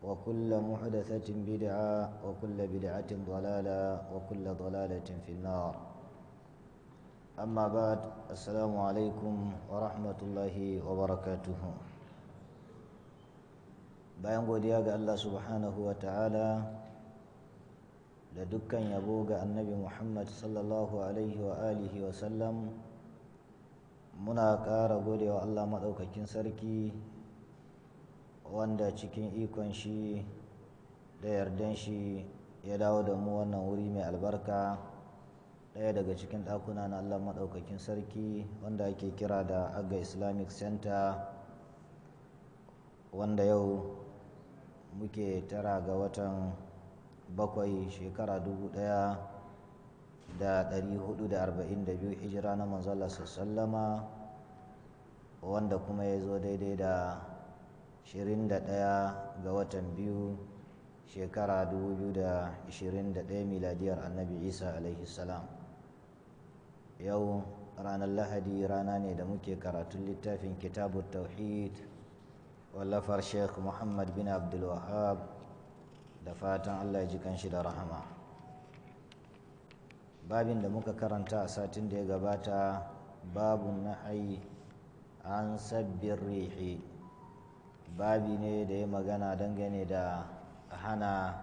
وكل محدثة بدعة وكل بدعة ضلالة وكل ضلالة في النار أما بعد السلام عليكم ورحمة الله وبركاته bayan godiya ga Allah subhanahu wa ta'ala da dukkan yabo ga annabi Muhammad sallallahu alaihi wa alihi wa sallam muna ƙara godewa Allah maɗaukakin sarki wanda cikin ikon shi da yardan shi ya dawo da mu wannan wuri mai albarka ɗaya daga cikin ɗakuna na Allah maɗaukakin sarki wanda ake kira da aga islamic center wanda yau muke tara ga watan bakwai shekara dubu ɗaya da ɗari hudu da arba'in da biyu hijira na manzala sallama wanda kuma ya zo daidai da 21 ga watan biyu shekara 2021 miladiyar annabi isa alaihi salam yau ranar lahadi rana ne da muke karatun littafin kitabu tauhid wallafar sheikh muhammad bin abdulwahab da fatan allah ji kanshi da rahama babin da muka karanta a satin da ya gabata babu nahayi an sabbin rihi babi ne da ya magana dangane da hana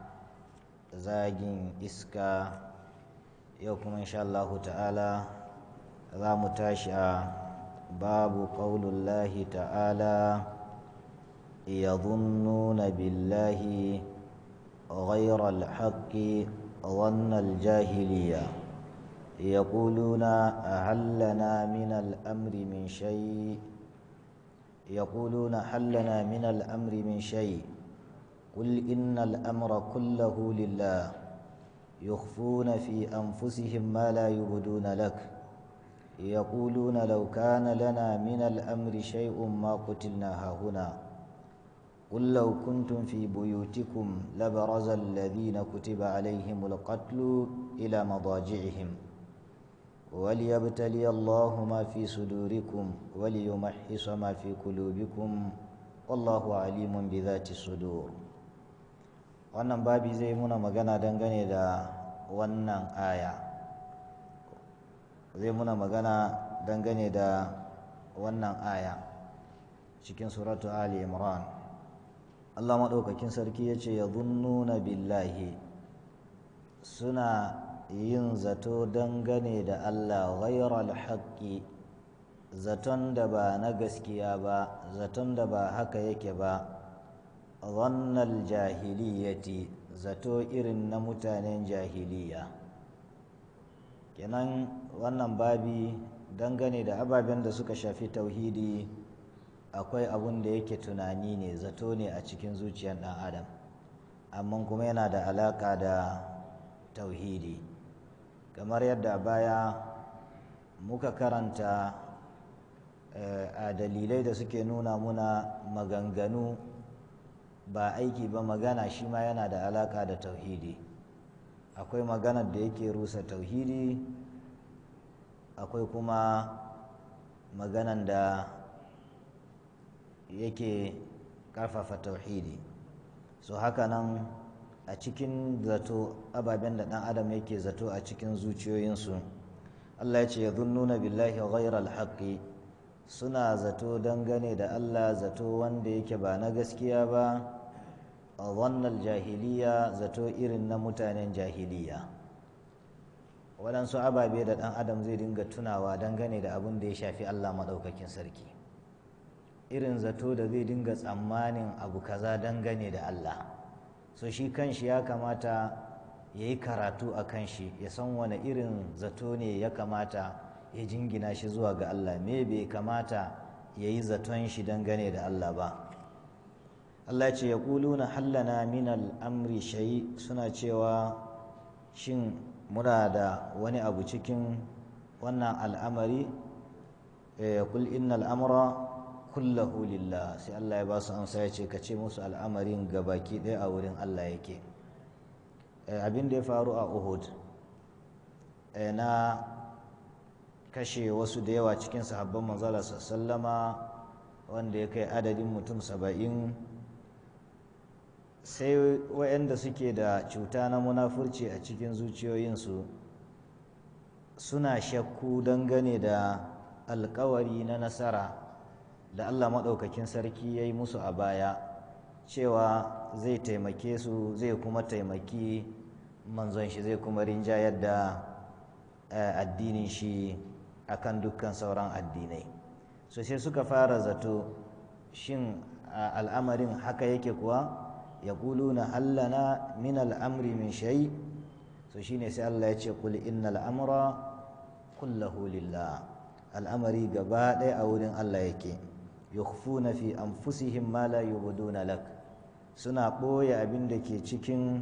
zagin iska yau kuma insha Allah ta'ala za mu tashi a babu ƙaunullahi ta'ala ya zunnuna billahi غير الحق ظن الجاهلية يقولون a لنا min al'amri من شيء يقولون هل لنا من الأمر من شيء قل إن الأمر كله لله يخفون في أنفسهم ما لا يبدون لك يقولون لو كان لنا من الأمر شيء ما قتلنا هنا قل لو كنتم في بيوتكم لبرز الذين كتب عليهم القتل إلى مضاجعهم وليبتلي الله ما في صدوركم وليمحص ما في قلوبكم والله عليم بذات الصدور wannan babi zai muna magana dangane da wannan aya zai muna magana dangane da wannan aya cikin suratu ali imran Allah maɗaukakin sarki ya ce ya nuna billahi suna yin zato dangane da Allah ghairal haƙƙi zaton da ba na gaskiya ba zaton da ba haka yake ba zannal jahiliyati zato irin na mutanen jahiliya kenan wannan babi dangane da ababen da suka shafi tauhidi akwai abun da yake tunani ne zato ne a cikin zuciyar ɗan adam amma kuma yana da alaƙa da tauhidi kamar yadda baya muka karanta eh, a dalilai da suke nuna muna maganganu ba aiki ba magana shi ma yana da alaka da tauhidi akwai magana da yake rusa tauhidi akwai kuma maganan da yake ƙarfafa tauhidi so haka nan a cikin zato ababen da dan adam yake zato a cikin zuciyoyinsu Allah ya ce ya zunnuna billahi ghairal haqqi suna zato dangane da Allah zato wanda yake ba na gaskiya ba a wannan jahiliya zato irin na mutanen jahiliya waɗansu ababe da ɗan adam zai dinga tunawa dangane da abin da ya shafi Allah maɗaukakin sarki irin zato da zai dinga tsammanin abu kaza dangane da Allah so shi kanshi ya kamata ya yi karatu a kanshi ya san wani irin zato ne ya kamata ya jingina shi zuwa ga Allah me bai kamata ya yi zaton shi dangane da Allah ba Allah ce ya na hallana min al'amri shai suna cewa shin muna da wani abu cikin wannan al'amari kul eh, inna al'amura kullahu lillah sai Allah ya ba su amsa ya ce ka ce musu al'amarin ga baki ɗaya a wurin Allah yake eh, abin da ya faru a Uhud eh, na kashe wasu da yawa cikin sahabban manzala sallama wanda ya kai adadin mutum saba'in sai waɗanda suke da cuta na munafurci a cikin zuciyoyinsu suna shakku dangane da alkawari na nasara da Allah maɗaukakin sarki ya yi musu a baya cewa zai taimake su zai kuma taimaki manzon shi zai kuma rinjayar da eh, addinin shi akan dukkan sauran addinai so sai suka fara zato shin al'amarin haka yake kuwa ya ƙulu na hallana min al'amri min shayi so shi ne sai Allah ya ce kul inna al'amura kullahu lillah al'amari gaba ɗaya a wurin Allah yake yukhfuna fi anfusihim ma la yubduna lak suna ɓoye abin da ke cikin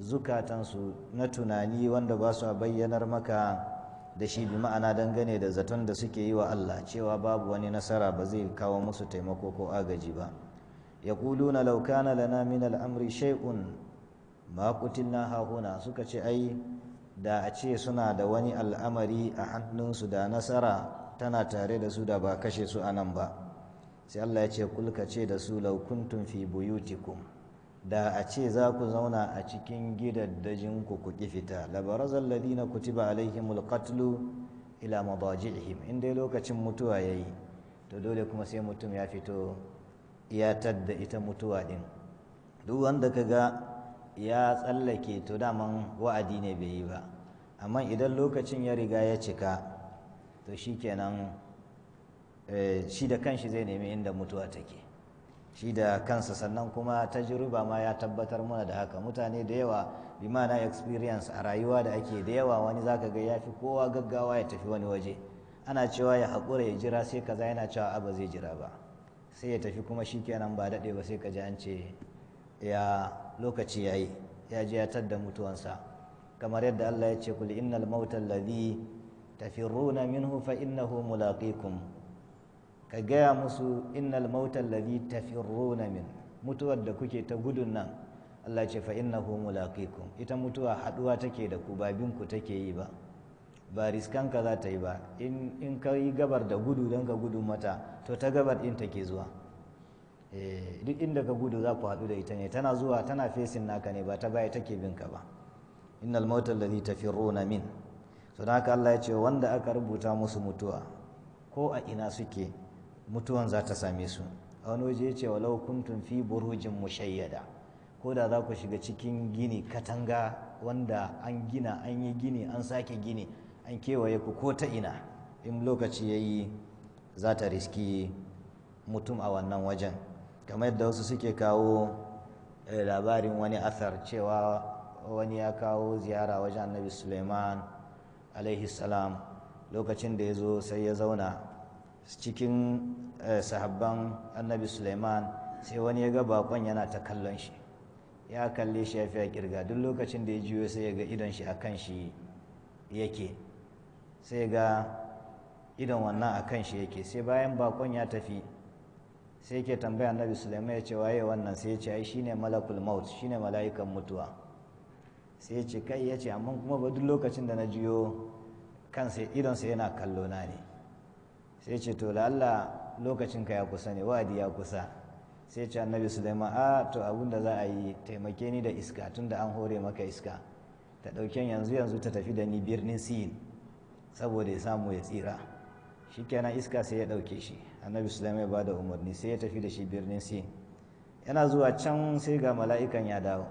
zukatansu na tunani wanda ba su bayyanar maka da shi bi ma'ana dangane da zaton da suke yi wa Allah cewa babu wani nasara ba zai kawo musu taimako ko agaji ba yaquluna law kana lana min al-amri shay'un ma qutilna hahuna suka ce ai da a ce suna da wani al'amari a hannunsu da nasara tana tare da su da ba kashe su a nan ba sai Allah ya ce kulka ce da su laukuntun fi buyutikum da a ce za ku zauna a cikin gidaddajin ku ku ƙi fita labarazal ladina kutiba alaihimul qatlu ila ihim in dai lokacin mutuwa ya yi, to dole kuma sai mutum ya fito ya tadda ita mutuwa ɗin duk wanda ka ga ya tsallake to daman wa'adi ne bai yi ba amma idan lokacin ya riga ya cika to shi shikenan Eh, shi da kanshi zai nemi inda mutuwa take shi da kansa sannan kuma tajriba ma ya tabbatar mana da haka mutane da yawa bi mana experience a rayuwa da ake da yawa wani zaka ga yafi kowa gaggawa ya tafi wani waje ana cewa ya haƙura ya jira sai kaza yana cewa abu zai jira ba sai ya tafi kuma shi kenan ba daɗe ba sai ka ji an ce ya lokaci ya yi, ya je ya tadda mutuwansa kamar yadda Allah ya ce kul innal mautal ladhi tafirruna minhu fa innahu mulaqikum ka gaya musu innal mauta ladhi tafirruna min mutuwar da kuke ta gudun nan Allah ce fa innahu mulaqikum ita mutuwa haduwa take da ku ba binku take yi ba ba riskan ka za ta yi ba in in ka yi gabar da gudu don ka gudu mata to ta gabar din take zuwa eh, duk inda ka gudu za ku haɗu da ita ne tana zuwa tana fesin naka ne ba ta baya take bin ka ba innal mauta ladhi tafirruna min to haka Allah ya ce wanda aka rubuta musu mutuwa ko a ina suke mutuwan za ta same su a wani waje ya ce walau laukuntun fi burujin mushayyada ko da za ku shiga cikin gini katanga wanda an gina an yi gini an sake gini an kewaye ku ko ta ina in lokaci ya yi za ta riski mutum a wannan wajen kamar yadda wasu suke kawo eh, labarin wani athar cewa wani ya kawo ziyara wajen annabi suleiman alaihi salam lokacin da ya zo sai ya zauna cikin eh, sahabban annabi suleiman sai wani ya ga bakon yana ta kallon shi ya kalle shi ya fi kirga duk lokacin da ya juyo sai ya ga idon shi akan shi yake sai ga idon wannan akan shi yake sai bayan bakon ya tafi sai ke tambaya annabi suleiman ya ce waye wannan sai ya ce ai shine malakul maut shine mala'ikan mutuwa sai ya ce kai ya ce amma kuma ba duk lokacin da na juyo kansa idonsa yana kallo na ne sai ce to lokacin lokacinka ya kusa ne wadi ya kusa sai ce annabi sulaiman a to abin da za a yi taimake ni da iska tun da an hore maka iska ta ɗauken yanzu yanzu ta tafi da ni birnin siyin saboda ya samu ya tsira shikenan iska sai ya ɗauke shi annabi sulaiman ya bada umarni sai ya tafi da shi birnin siyin yana zuwa can sai ga mala'ikan ya dawo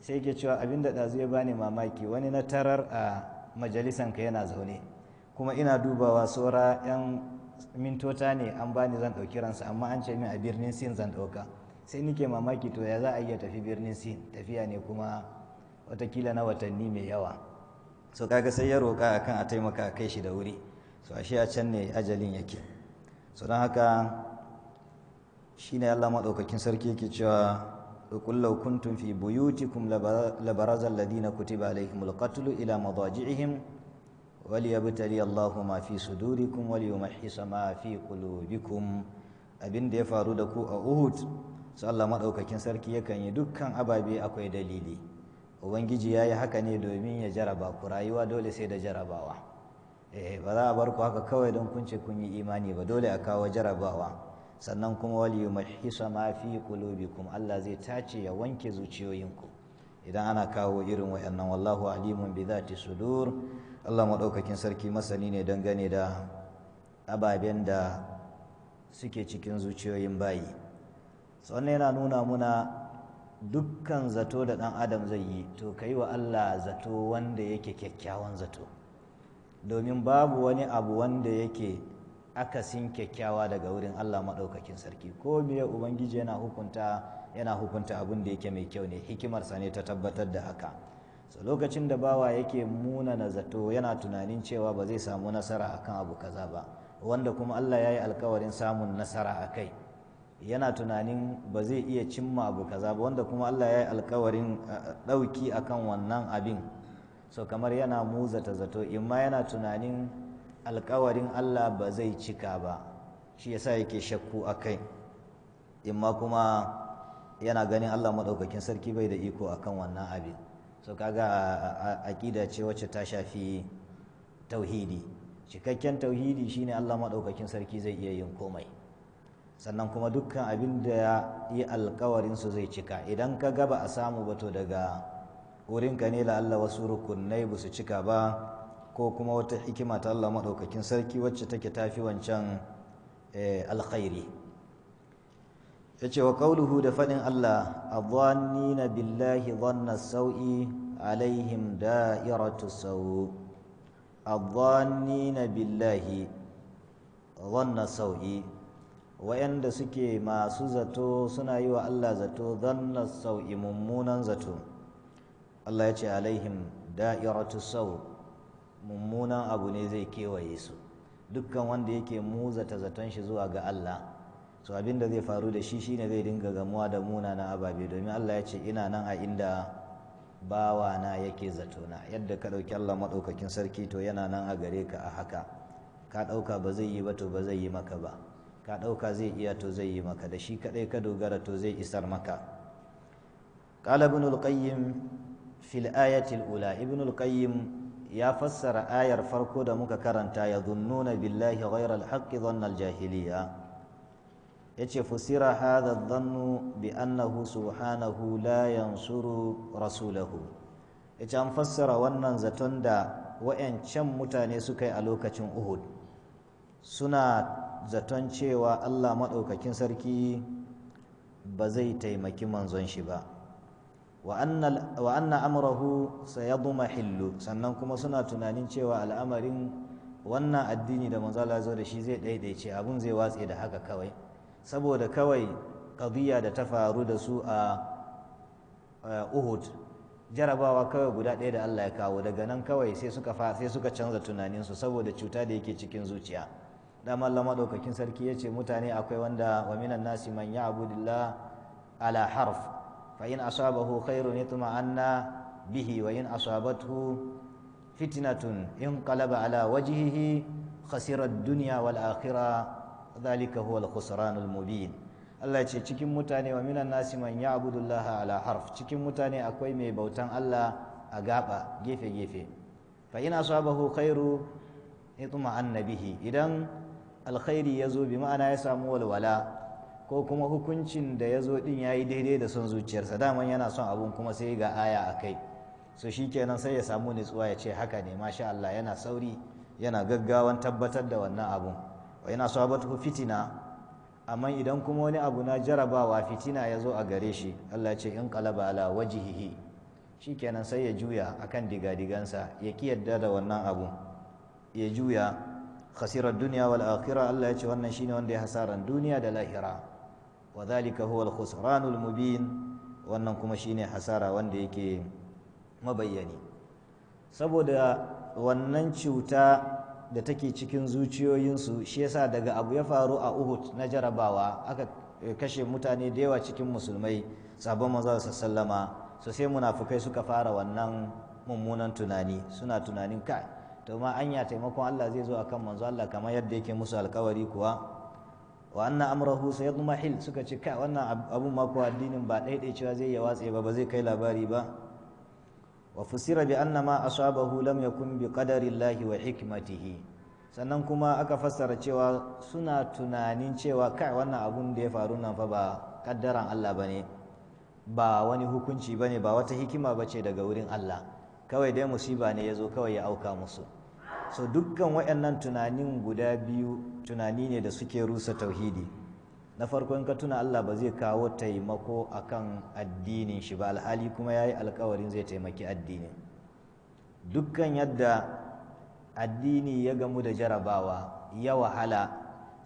sai ke cewa abin da ɗazu ya bani mamaki wani na tarar a majalisanka yana zaune kuma ina dubawa saura 'yan mintota ne an bani zan ɗauki ransa amma an ce min a birnin sin zan ɗauka sai nike mamaki to ya za a iya tafi birnin sin tafiya ne kuma watakila na watanni mai yawa so kaga sai ya roƙa akan a taimaka a kai shi da wuri so ashe a can ne ajalin yake so don haka shi ne Allah maɗaukakin sarki yake cewa qul kuntum fi buyutikum labaraza ladina kutiba alaihimul qatlu ila madaji'ihim وليبتلي الله ما في صدوركم وليمحص ما في قلوبكم abin da ya faru da ku a Uhud su Allah maɗaukakin sarki yakan yi dukkan ababe akwai dalili ubangiji ya yi haka ne domin ya jaraba ku rayuwa dole sai da jarabawa eh ba za a bar ku haka kawai don kun ce kun yi imani ba dole a kawo jarabawa sannan kuma wal yumahhisa ma fi qulubikum Allah zai tace ya wanke zuciyoyinku idan ana kawo irin wayannan wallahu alimun bi zati sudur Allah madaukakin sarki masani ne gane da ababen da suke cikin zuciyoyin bayi sannan yana nuna muna dukkan zato da dan adam zai yi to kai wa Allah zato wanda yake kyakkyawan zato domin babu wani abu wanda yake akasin kyakkyawa daga wurin Allah maɗaukakin sarki ko me ubangiji yana hukunta yana hukunta abin da yake mai kyau ne hikimarsa ne ta tabbatar da haka so lokacin da bawa yake muna na zato yana tunanin cewa ba zai samu nasara akan abu kaza ba wanda kuma Allah ya yi alkawarin samun nasara a kai yana tunanin ba zai iya cimma abu kaza ba wanda kuma Allah ya yi alkawarin eh, ɗauki akan wannan abin so kamar yana muzata zato imma yana tunanin alkawarin Allah ba zai cika ba shi yasa yake shakku a kai imma kuma yana ganin Allah maɗaukakin sarki bai da iko a kan wannan abin so kaga aƙida ce wacce ta shafi tauhidi cikakken tauhidi shine Allah maɗaukakin sarki zai iya yin komai sannan kuma dukkan abin da ya yi alkawarin su zai cika idan ka gaba a samu bato daga wurinka ne la Allah wasu rukunai ba su cika ba ko kuma wata hikima ta Allah maɗaukakin sarki wacce take tafi wancan eh, alkhairi ya ce wa kauluhu da faɗin Allah na billahi dhanna sau'i alaihim da'iratu sau na billahi dhanna sau'i wa'anda suke masu zato suna yi wa Allah zato dhanna sau'i mummunan zato Allah ya ce alaihim da'iratu sau mummunan abu ne zai kewaye su dukkan wanda yake muzata zaton shi zuwa ga Allah so abin da zai faru da shi shine zai dinga gamuwa da munanan ababe domin Allah ya ce ina nan a inda bawana yake zatona yadda ka ɗauki Allah maɗaukakin sarki to yana nan a gare ka a haka ka ɗauka ba zai yi ba to ba zai yi maka ba ka ɗauka zai iya to zai yi maka da shi kaɗai ka dogara to zai isar maka ƙala ibn al-qayyim fil ayatil ula ibn al-qayyim ya fassara ayar farko da muka karanta ya zunnuna billahi ghayra al-haqqi dhanna al-jahiliya yace fusira hada zannu bi annahu subhanahu la yansuru rasulahu yace an fassara wannan zaton da wayancan mutane suka yi a lokacin Uhud suna zaton cewa Allah maɗaukakin sarki ba zai taimaki manzon shi ba wa anna amrahu hillu sannan kuma suna tunanin cewa al'amarin wannan addini da manzala zo da shi zai ɗaiɗaice abun zai watse da haka kawai saboda kawai ƙadiyya da ta faru da su a uhud jarabawa kawai guda ɗaya da allah ya kawo daga nan kawai sai suka sai suka canza tunaninsu saboda cuta da yake cikin zuciya dama allah maɗaukakin sarki ya ce mutane akwai wanda wa minan nasi man ya ala harf fa in asabahu khairun yatma'anna bihi wa in asabathu fitnatun in qalaba ala wajhihi khasira ad-dunya wal akhirah zalika huwa al-khusranul Allah ce cikin mutane wa minan nasi man ya'budu Allah ala cikin mutane akwai mai bautan Allah a gaba gefe gefe fa in asabahu khairu itma annabihi idan alkhairi yazo bi ma'ana ya samu walwala ko kuma hukuncin da yazo din yayi daidai da son zuciyarsa daman yana son abun kuma sai ga aya a kai, akai so shikenan sai ya samu nutsuwa ya ce haka ne masha Allah yana sauri yana gaggawan tabbatar da wannan abun wa yana sahabatu fitina amma idan kuma wani abu na jarabawa fitina ya zo a gare shi Allah ce in qalaba ala wajhihi shikenan sai ya juya akan digadigansa ya ki da wannan abu ya juya khasirar duniya wal akhirah Allah ya ce wannan shine wanda ya hasaran duniya da lahira wa dhalika huwa al khusranul mubin wannan kuma shine hasara wanda yake mabayyani saboda wannan cuta da take cikin zuciyoyinsu shi yasa daga abu ya faru a uhud na jarabawa aka eh, kashe mutane da yawa cikin musulmai sabon manzo sallama so sai munafukai suka fara wannan mummunan tunani suna tunanin kai to ma anya taimakon Allah zai zo akan manzo Allah kamar yadda yake musu alkawari kuwa wa anna amrahu sayadmahil suka ce kai wannan abun ma ko addinin ba cewa zai ya watse ba ba zai kai labari ba وفسر بأن ما أصابه لم يكن بقدر الله وحكمته sannan kuma aka fassara cewa suna tunanin cewa kai wannan abun da ya faru nan fa ba kaddaran Allah ba ne. ba wani hukunci ba ne ba wata hikima bace daga wurin Allah kawai dai musiba ne ya zo kawai ya auka musu so dukkan waɗannan tunanin guda biyu tunani ne da suke rusa tauhidi na farko in ka tuna Allah ba zai kawo taimako akan addinin shi ba alhali kuma ya yi alkawarin zai taimaki addinin dukkan yadda addini ya gamu da jarabawa ya wahala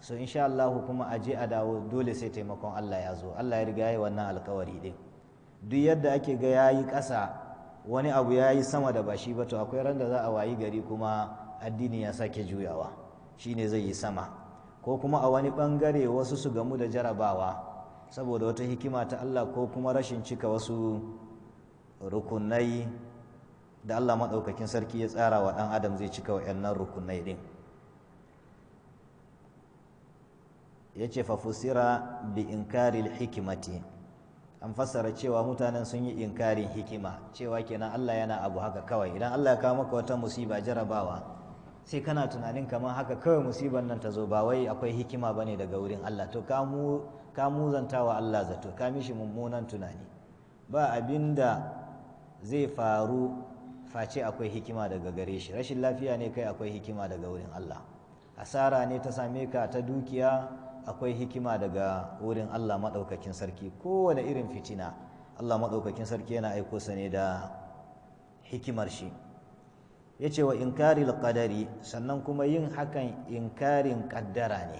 so insha Allah kuma a je a dawo dole sai taimakon Allah ya zo Allah ya riga ya yi wannan alkawari din duk yadda ake ga ya yi ƙasa wani abu ya yi sama da ba shi ba to akwai randa za a wayi gari kuma addini ya sake juyawa shine zai yi sama ko kuma a wani bangare wasu su gamu da jarabawa saboda wata hikima ta Allah ko kuma rashin cika wasu rukunai da Allah maɗaukakin sarki ya tsara wa ɗan adam zai cika wa'annan rukunai ɗin ya ce fafusira bi kari hikimati an fassara cewa mutanen sun yi inkarin hikima cewa kenan Allah yana abu haka kawai idan Allah ya kawo maka wata musiba jarabawa sai kana tunanin kamar haka kawai musibar nan ta zo ba wai akwai hikima ba ne daga wurin Allah to ka mu ka wa Allah zato ka mishi mummunan tunani ba abin da zai faru face akwai hikima daga gare shi rashin lafiya ne kai akwai hikima daga wurin Allah asara ne ta same ka ta dukiya akwai hikima daga wurin Allah maɗaukakin sarki kowane irin fitina Allah maɗaukakin sarki yana aiko sa ne da hikimar shi ya ce wa inkari qadari sannan kuma yin hakan inkarin kaddara ne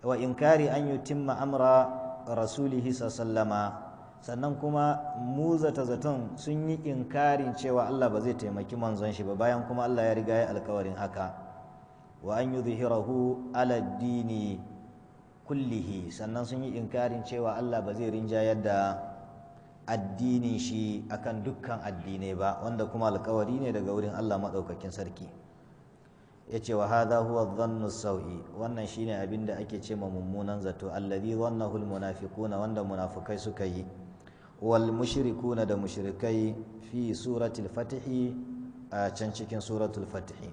wa inkari an yutimma amra rasulihi sallama sannan kuma muzata zaton sun yi inkarin cewa Allah ba zai taimaki manzon shi ba bayan kuma Allah ya riga ya alkawarin haka wa an yi ala kullihi sannan sun yi inkarin cewa Allah ba zai rinjayar da addinin shi akan dukkan addinai ba wanda kuma alkawari ne daga wurin Allah maɗaukakin sarki ya ce wa hadha huwa dhannu sau'i wannan shine abin da ake ce ma mummunan zato alladhi dhannahu almunafiquna wanda munafukai suka yi wal mushrikuna da mushrikai fi suratul fatihi a can cikin suratul fatihi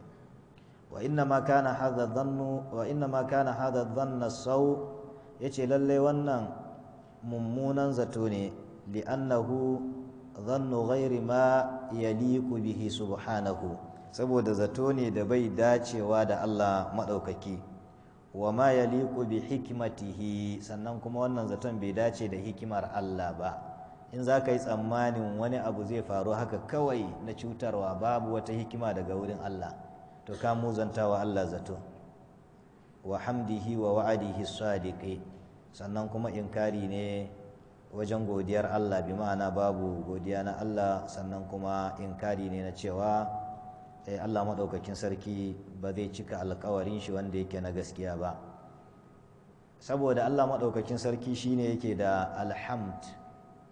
wa inna ma kana hadha dhannu wa inna ma kana hadha dhannu sau yace lalle wannan mummunan zato ne li'annahu zannu ghairi ma yaliku bihi subhanahu saboda zato ne da bai dacewa da Allah maɗaukaki wa ma yaliku bi hikmatihi sannan kuma wannan zaton bai dace da hikimar Allah ba in za ka yi tsammanin wani abu zai faru haka kawai na cutarwa babu wata hikima daga wurin Allah to ka muzantawa Allah zato wa hamdihi wa wa'adihi sadiqi sannan kuma inkari ne wajen godiyar Allah bi ma'ana babu godiya na Allah sannan kuma inkari ne na cewa eh, Allah maɗaukakin sarki ba zai cika alkawarin shi wanda yake na gaskiya ba saboda Allah maɗaukakin sarki shine yake da alhamd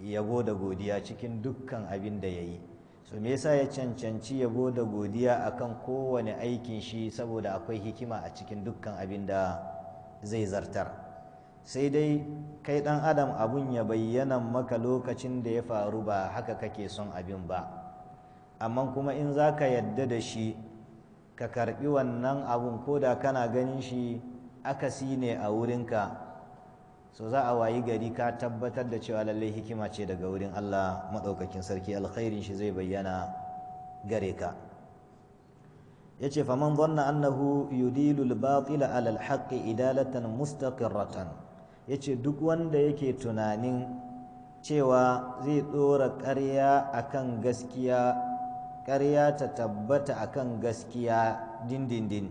yabo da godiya cikin dukkan abin da ya yi so me yasa ya cancanci yabo da godiya akan kowane aikin shi saboda akwai hikima a cikin dukkan abin da zai zartar sai dai kai ɗan adam abun ya bayyana maka lokacin da ya faru ba haka kake son abin ba amma kuma in za ka yadda da shi ka karɓi wannan abun ko da kana ganin shi akasi ne a wurinka so za a wayi gari ka tabbatar da cewa lallai hikima ce daga wurin Allah maɗaukakin sarki alkhairin shi zai bayyana gare ka ya ce faman zanna annahu yudilul batila alal haqqi idalatan mustaqirratan ya ce duk wanda yake tunanin cewa zai ɗora ƙarya akan gaskiya ƙarya ta tabbata akan gaskiya dindindin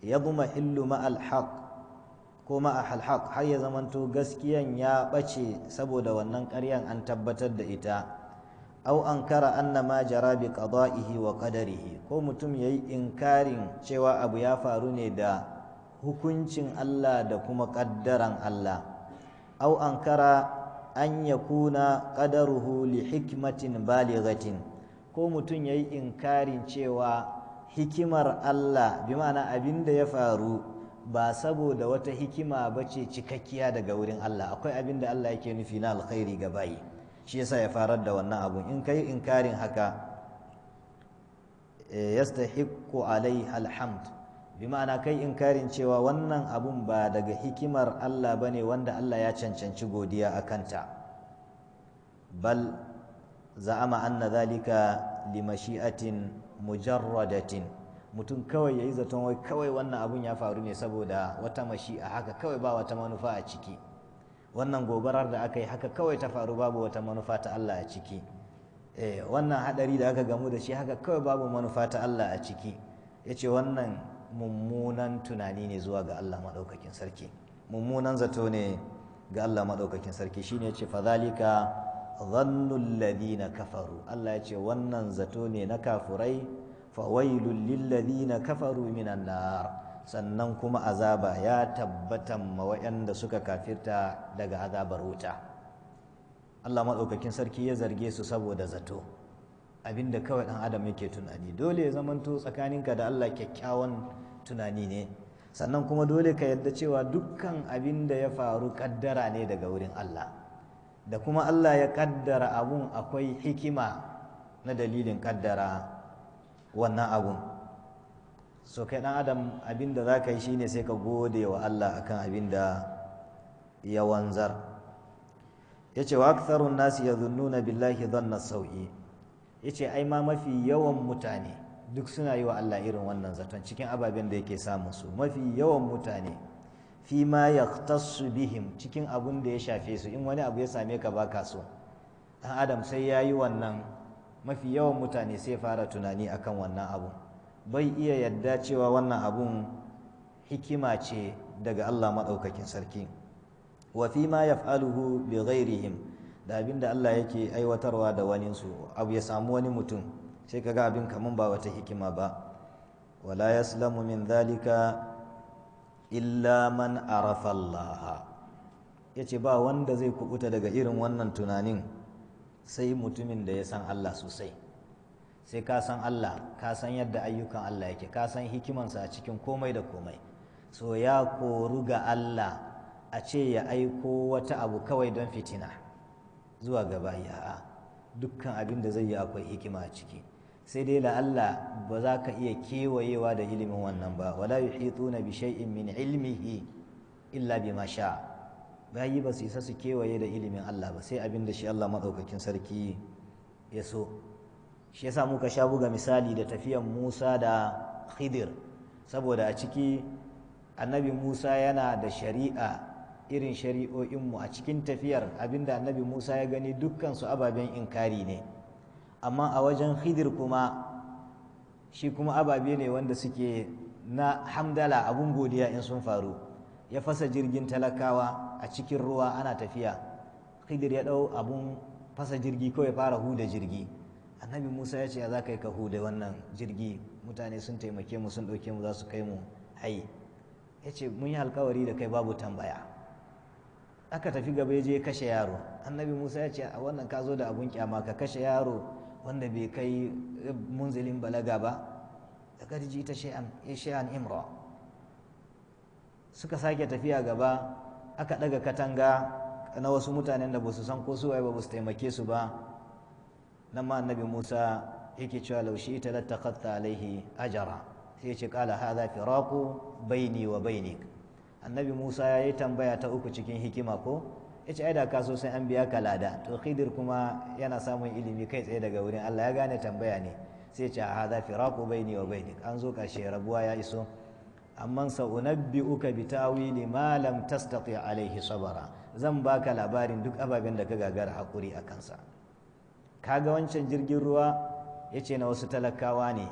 ya guma illu ma'al ko ma'al har ya zamanto gaskiyan ya ɓace saboda wannan ƙaryan an tabbatar da ita au an kara ma jara bi qada'ihi wa qadarihi ko mutum yayi inkarin cewa abu ya faru ne da hukuncin Allah da kuma ƙaddaran Allah au ankara an ya kuna qadaruhu li hikmatin balighatin ko mutum yayi inkarin cewa hikimar Allah bi ma'ana abin da ya faru ba saboda wata hikima bace cikakkiya daga wurin Allah akwai abin da Allah yake nufi na alkhairi ga bayi shi yasa ya farar da wannan abun in kai inkarin haka eh, yastahiqqu alaihi alhamd bi ma'ana kai inkarin cewa wannan abun ba daga hikimar Allah bane wanda Allah ya cancanci godiya a kanta bal za'ama anna zalika li mashi'atin mujarradatin mutum kawai yayi zaton wai kawai wannan abun ya faru ne saboda wata mashi'a haka kawai ba wata manufa a ciki wannan gobarar da aka yi haka kawai ta faru babu wata manufa ta Allah a ciki eh, wannan hadari da aka gamu da shi haka kawai babu manufa ta Allah a ciki yace wannan mummunan tunani ne zuwa ga Allah maɗaukakin sarki mummunan zato ne ga Allah maɗaukakin sarki shi ya ce fadhalika dhannul ladina kafaru Allah ya ce wannan zato ne na kafurai fawailul lil ladina kafaru minan nar sannan kuma azaba ya tabbatan ma waɗanda suka kafirta daga azabar wuta Allah maɗaukakin sarki ya zarge su saboda zato abin da kawai ɗan adam yake tunani dole ya zamanto tsakaninka da Allah kyakkyawan tunani ne sannan kuma dole ka yarda cewa dukkan abin da ya faru kaddara ne daga wurin Allah da kuma Allah ya kaddara abun akwai hikima na dalilin kaddara wannan abun so kai ɗan adam abin da za ka yi shine sai ka gode wa Allah akan abin da ya wanzar ya ce wa aktharun nasi zunnuna billahi dhanna sau'i ya ce ai ma mafi yawan mutane duk suna yi wa Allah irin wannan zaton cikin ababen da yake samun su mafi yawan mutane fi ma ya bihim cikin abun da ya shafe su in wani abu ya same ka ba ka so ɗan adam sai ya yi wannan mafi yawan mutane sai fara tunani akan wannan abun bai iya yadda cewa wannan abun hikima ce daga Allah maɗaukakin sarki wa fi ma yaf'aluhu bi ghairihim da abin da Allah yake aiwatarwa da wani su, abu ya samu wani mutum sai ka ga abin kamun ba wata hikima ba wala yaslamu min dhalika illa man arafa Allah yace ba wanda zai kubuta daga irin wannan tunanin sai mutumin da ya san Allah sosai sai ka san Allah ka san yadda ayyukan Allah yake ka san hikimansa a cikin komai da komai so ya koru ga Allah a ce ya aiko wata abu kawai don fitina zuwa ga bayi a'a dukkan abin da zai yi akwai hikima a ciki sai dai la'alla ba za ka iya kewayewa da ilimin wannan ba wala yuhituna na bishai'in min ilmihi illa ma sha bayi ba su isa su kewaye da ilimin Allah ba sai abin da shi Allah maɗaukakin sarki ya so shi ya sa muka sha buga misali da tafiyan Musa da Khidir saboda a ciki annabi Musa yana da shari'a irin shari'o'inmu a cikin tafiyar abinda annabi musa ya gani dukkan su ababen inkari ne amma a wajen khidir kuma shi kuma ababe ne wanda suke na hamdala abun godiya in sun faru ya fasa jirgin talakawa a cikin ruwa ana tafiya khidir ya dau abun fasa jirgi kawai fara huda jirgi annabi musa ya ce za ka yi ka huda wannan jirgi mutane sun taimake mu sun ɗauke mu za su kai mu hayi ya ce mun yi alkawari da kai babu tambaya aka tafi gaba ya je kashe yaro annabi musa ya ce a wannan ka zo da abun kyama ka kashe yaro wanda bai kai munzilin balaga ba daga ji ta shay'an imra suka sake tafiya gaba aka ɗaga katanga na wasu mutanen da ba su san ko su waye ba su taimake su ba nan ma annabi musa yake cewa laushi ta lattakatta alaihi ajara sai ya ce kala hadha firaqu baini wa bainik annabi musa ya yi tambaya ta uku cikin hikima ko ya ce da ka so sai an biya ka lada to khidir kuma yana samun ilimi kai tsaye daga wurin allah ya gane tambaya ne sai ce a hada firaku baini wa baini an zo ƙarshe rabuwa ya iso amma uka bi tawili ma lam tastati alaihi sabara zan baka labarin duk ababen da ka gagara hakuri a kansa kaga wancan jirgin ruwa yace na wasu talakawa ne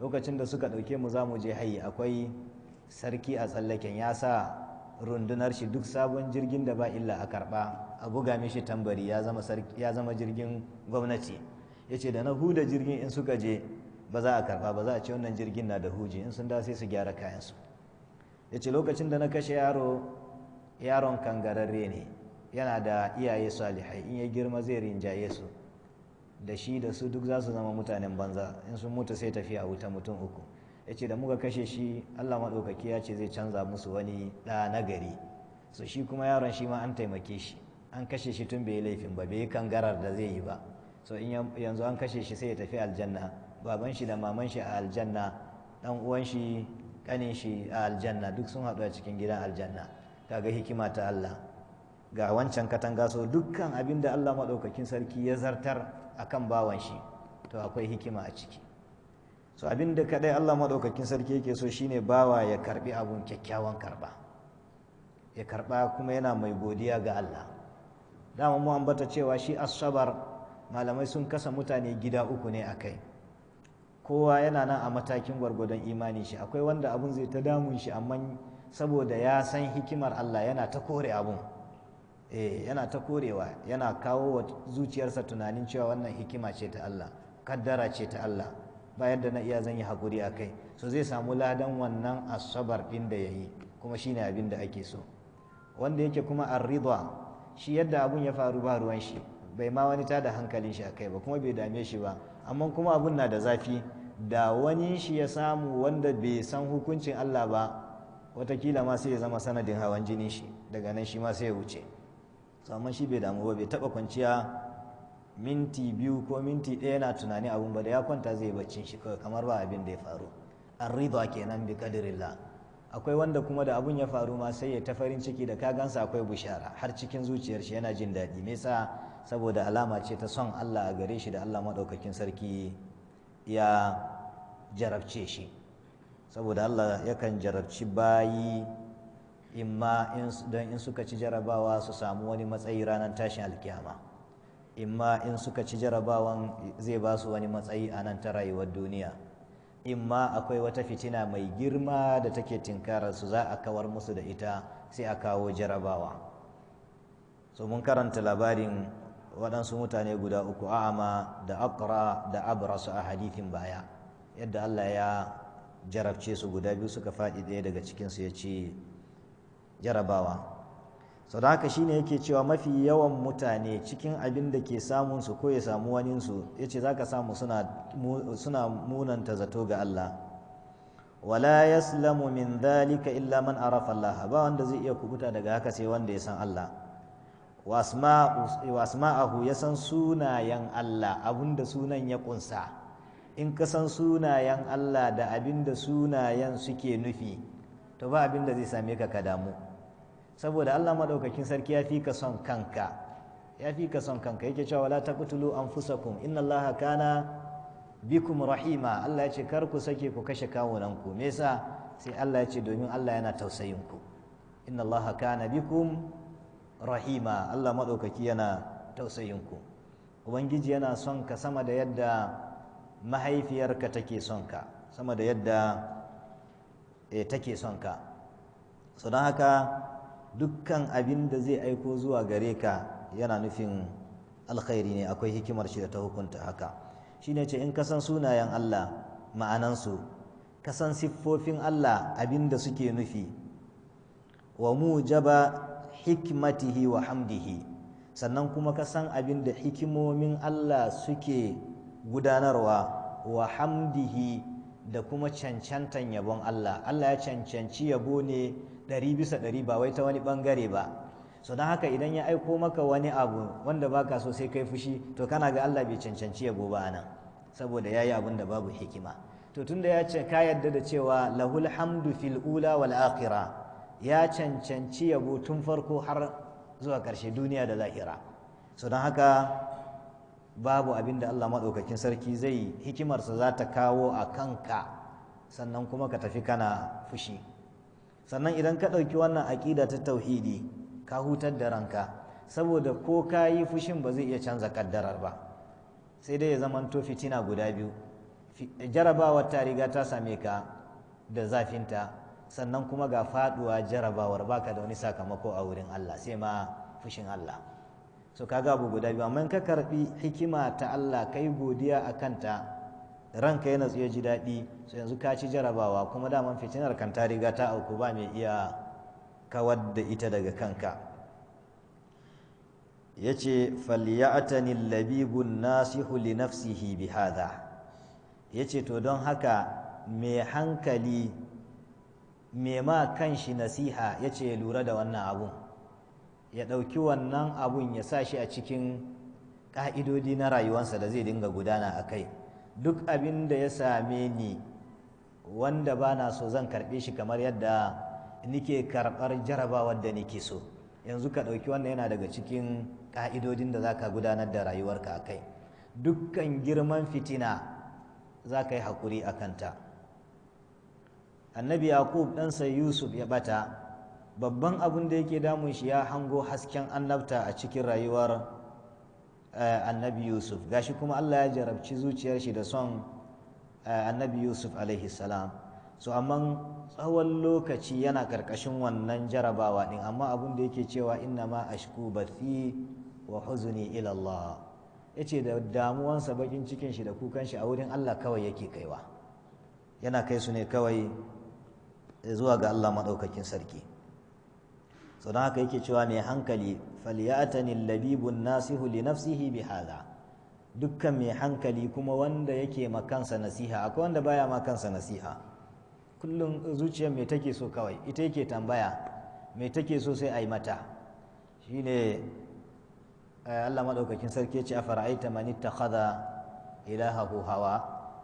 lokacin da suka dauke mu za mu je hayi akwai sarki a tsallaken ya sa rundunar shi duk sabon jirgin da ba illa a karba a buga mishi tambari ya zama jirgin gwamnati ya ce da na huda jirgin in suka je ba za a karba ba za a ce wannan jirgin na da huji in sun da sai su gyara kayansu ya ce lokacin da na kashe yaro yaron gararre ne yana da iyaye salihai in ya girma zai rinjaye su da shi da su duk za su zama mutanen banza in sun mutu sai tafiya wuta mutum uku ya ce da muka kashe shi allah maɗaukaki ya ce zai canza musu wani ɗa nagari so shi kuma yaron shi ma an taimake shi an kashe shi tun bai laifin ba bai kangarar da zai yi ba so in yanzu an kashe shi sai ya tafi aljanna baban shi da maman shi a aljanna ɗan uwan shi kanin shi a aljanna duk sun haɗu a cikin gidan aljanna kaga hikima ta Allah ga wancan katanga so dukkan abin da Allah maɗaukakin sarki ya zartar akan bawan shi to akwai hikima a ciki so abin da kadai Allah madaukakin sarki yake so shine bawa ya karbi abun kyakkyawan karba ya karba kuma yana mai godiya ga Allah dama mu ambata cewa shi asabar malamai sun kasa mutane gida uku ne akai kowa yana nan a matakin gwargwadon imani shi akwai wanda abun zai ta damun shi amma saboda ya san hikimar Allah yana ta kore abun eh yana ta korewa yana kawo wa zuciyarsa tunanin cewa wannan hikima ce ta Allah kaddara ce ta Allah bayan da na iya zan yi hakuri a kai so zai samu ladan wannan asabar ɗin da ya yi kuma shine abin da ake so wanda yake kuma riba shi yadda abun ya faru ba ruwan shi bai ma wani tada hankalin shi a kai ba kuma bai dame shi ba amma kuma abun na da zafi da wani shi ya samu wanda bai san hukuncin Allah ba watakila ma sai ya zama sanadin hawan jinin shi daga nan shi ma sai ya wuce so amma shi bai damu ba bai taba kwanciya minti biyu ko minti ɗaya yana tunani abin ba da ya kwanta zai baccin shi kawai kamar ba abin da ya faru An arriba kenan bi kadirillah akwai wanda kuma da abun ya faru ma sai ya ta farin ciki da ka gansa akwai bushara har cikin zuciyar shi yana jin daɗi me yasa saboda alama ce ta son Allah a gare shi da Allah maɗaukakin sarki ya jarabce shi saboda Allah yakan jarabci bayi imma don in suka ci jarabawa su samu wani matsayi ranar tashin alkiyama imma in suka ci jarabawan zai ba su wani matsayi a nan ta rayuwar duniya imma akwai wata fitina mai girma da take tinkarar su za a kawar musu da ita sai a kawo jarabawa so mun karanta labarin waɗansu mutane guda uku a'ama da akra da abrasu a hadithin baya yadda Allah ya jarabce su guda biyu suka faɗi ɗaya daga cikinsu ya ce jarabawa sau da haka shine yake cewa mafi yawan mutane cikin abin da ke samun su ko ya samu waninsu ya ce za ka samu suna munanta zato ga Allah wala yaslamu min dhalika illa man arafa Allah ba wanda zai iya kubuta daga haka sai wanda ya san Allah wasu ma'ahu ya san sunayen Allah abinda sunan ya kunsa in ka san sunayen Allah da abinda sunayen suke nufi to ba abinda zai same ka ka damu saboda Allah maɗaukakin sarki ya fi ka son kanka ya fi ka son kanka yake cewa la taqtulu anfusakum inna Allaha kana bikum rahima Allah ya ce kar ku sake ku kashe kawunan ku me yasa sai Allah ya ce domin Allah yana tausayin ku inna Allaha kana bikum rahima Allah maɗaukaki yana tausayin ku ubangiji yana son ka sama da yadda mahaifiyarka take son ka sama da yadda eh, take son ka so don haka dukkan abin da zai aiko zuwa gare ka yana nufin alkhairi ne akwai hikimar shi da ta hukunta haka shine ce in ka san sunayen Allah ma'anansu ka san siffofin Allah abin da suke nufi wa mujaba hikmatihi wa hamdihi sannan kuma ka san abin da hikimomin Allah suke gudanarwa wa hamdihi da kuma cancantan yabon Allah Allah ya cancanci yabo ne ɗari bisa ɗari ba wai ta wani ɓangare ba so don haka idan ya aiko maka wani abu wanda baka so sai kai fushi to kana ga Allah bai cancanci yabo ba nan saboda yayi abun da babu hikima to tun da ya ce ka yadda da cewa lahul hamdu fil ula wal akhirah ya cancanci yabo tun farko har zuwa ƙarshe duniya da lahira so don haka babu abin da Allah maɗaukakin sarki zai hikimarsa za ta kawo a kanka sannan kuma ka tafi kana fushi sannan idan ka ɗauki wannan aƙida ta tauhidi ka hutar da ranka saboda ko ka yi fushin ba zai iya canza kaddarar ba sai dai ya zama to fitina guda biyu jarabawar ta riga ta same ka da zafinta sannan kuma ga faɗuwa jarabawar baka da wani sakamako a wurin Allah sai ma fushin Allah so kaga abu guda biyu amma in ka karɓi hikima ta Allah kai godiya a kanta ranka yana zuwa ji daɗi su yanzu ka ci jarabawa kuma daman fitinar kan ta riga ta auku ba mai iya kawar da ita daga kanka ya ce falyatani labibun nasihu li nafsihi bi hadha ya ce to don haka mai hankali mai ma kanshi nasiha ya ce ya lura da wannan abun ya ɗauki wannan abun ya sa shi a cikin ƙa'idodi na rayuwansa da zai dinga gudana a kai duk abin da ya same ni wanda ba na so zan karɓe shi kamar yadda nike karɓar jarabawar da nike so yanzu ka ɗauki wannan yana daga cikin ƙa'idodin da za ka gudanar da rayuwarka a kai dukkan girman fitina za ka yi haƙuri a kanta annabi yaqub ɗansa yusuf ya ɓata babban abin da yake damun shi ya hango hasken annabta a cikin rayuwar Eh, annabi yusuf gashi kuma allah ya jarabci zuciyar shi da son eh, annabi yusuf alaihi salam so amma tsawon lokaci yana karkashin wannan jarabawa din amma abin da yake cewa inna ma ashku bathi wa huzuni ila allah yace da damuwansa bakin cikin shi da kukan shi a wurin allah kawai yake kaiwa yana kai su ne kawai zuwa ga allah maɗaukakin sarki so haka yake cewa mai hankali falyatani labibun nasihu li nafsihi bi hadha dukkan mai hankali kuma wanda yake ma nasiha akwai wanda baya ma kansa nasiha kullum zuciyar mai take so kawai ita yake tambaya mai take so sai a yi mata shine eh, Allah maɗaukakin sarki ce a fara'aita mani ta kada ilahahu hawa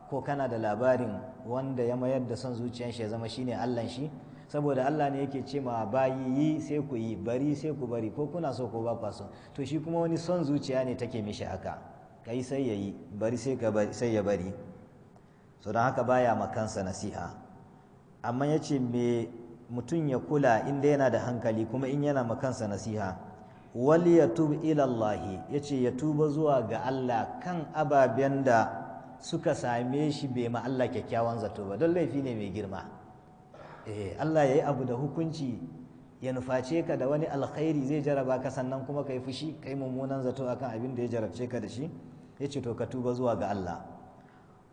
ko kana da labarin wanda ya mayar da son zuciyar shi ya zama shine allan shi saboda Allah ne yake ce ma bayi yi sai ku yi bari sai ku bari ko kuna so ko ba kwa so to shi kuma wani son zuciya ne take mishi haka kai sai yayi, yi bari sai ka bari sai ya bari so don haka baya ma nasiha amma ya ce me mutum ya kula in inda yana da hankali kuma in yana ma kansa nasiha wal yatub ilallahi, Allah yace ya tuba zuwa ga Allah kan ababen da suka same shi bai ma Allah kyakkyawan zato ba don laifi ne mai girma eh Allah yi abu da hukunci ya nuface ka da wani alkhairi zai jaraba ka sannan kuma ka yi fushi yi mummunan zato akan abin da ya jarabce ka da shi yace to ka tuba zuwa ga Allah